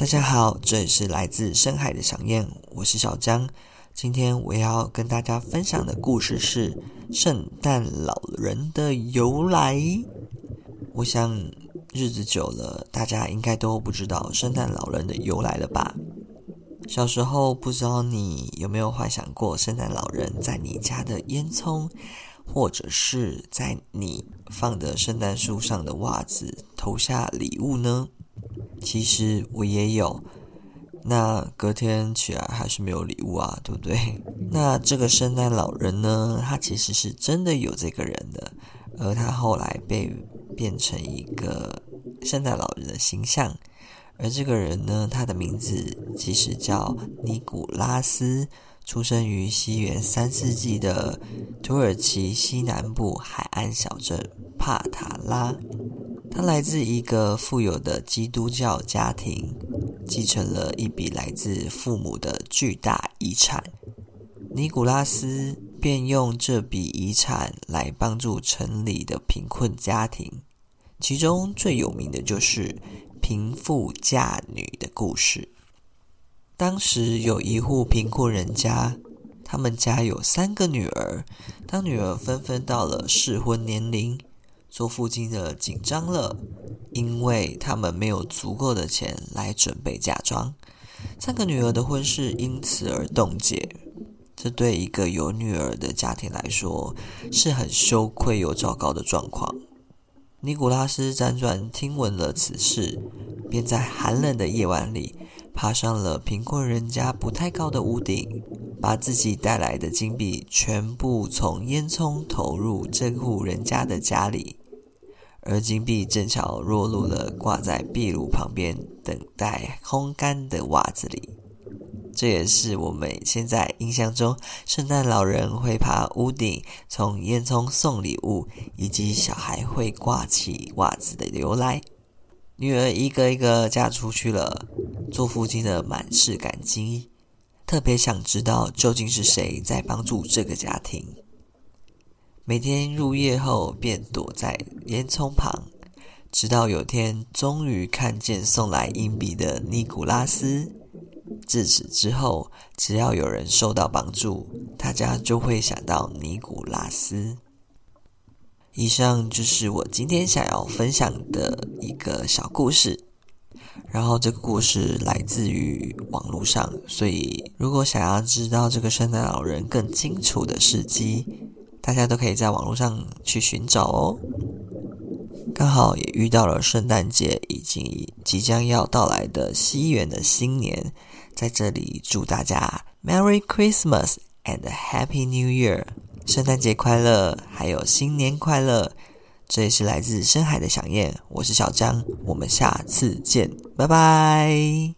大家好，這裡是來自深海的小燕，我是小江。今天我要跟大家分享的故事是聖誕老人的由來。我想日子久了，大家應該都不知道聖誕老人的由來了吧？小時候不知道你有沒有幻想過，聖誕老人在你家的煙囪，或者是在你放的聖誕樹上的襪子投下禮物呢？其實我也有，那隔天起來還是沒有禮物啊，對不對？那這個聖誕老人呢？他其實是真的有這個人的，而他後來被變成一個聖誕老人的形象。而這個人呢，他的名字其實叫尼古拉斯，出生於西元三世紀的土耳其西南部海岸小鎮帕塔拉。他來自一個富有的基督教家庭，繼承了一筆來自父母的巨大遺產。尼古拉斯便用這筆遺產來幫助城裡的貧困家庭，其中最有名的就是“貧富嫁女”的故事。當時有一戶貧困人家，他們家有三個女兒，當女兒紛紛到了適婚年齡。做父親的緊張了，因為他們沒有足夠的錢來準備嫁妝，三個女兒的婚事因此而凍結。這對一個有女兒的家庭來說是很羞愧又糟糕的狀況。尼古拉斯輾轉聽聞了此事，便在寒冷的夜晚裡爬上了貧困人家不太高的屋頂，把自己帶來的金幣全部從煙囪投入這戶人家的家裡。而金幣正巧落入了掛在壁爐旁邊等待烘乾的襪子裡，這也是我們現在印象中聖誕老人會爬屋頂從煙囪送禮物，以及小孩會掛起襪子的由來。女兒一個一個嫁出去了，做父親的滿是感激，特別想知道究竟是誰在幫助這個家庭。每天入夜後，便躲在煙囪旁，直到有天終於看見送來硬幣的尼古拉斯。自此之後，只要有人受到幫助，大家就會想到尼古拉斯。以上就是我今天想要分享的一個小故事。然後這個故事來自於網絡上，所以如果想要知道這個聖誕老人更清楚的事蹟，大家都可以在網絡上去尋找哦。剛好也遇到了聖誕節以及即將要到來的西元的新年，在這裡祝大家 Merry Christmas and Happy New Year！聖誕節快樂，還有新年快樂！這裡是來自深海的饗宴，我是小江，我們下次見，拜拜。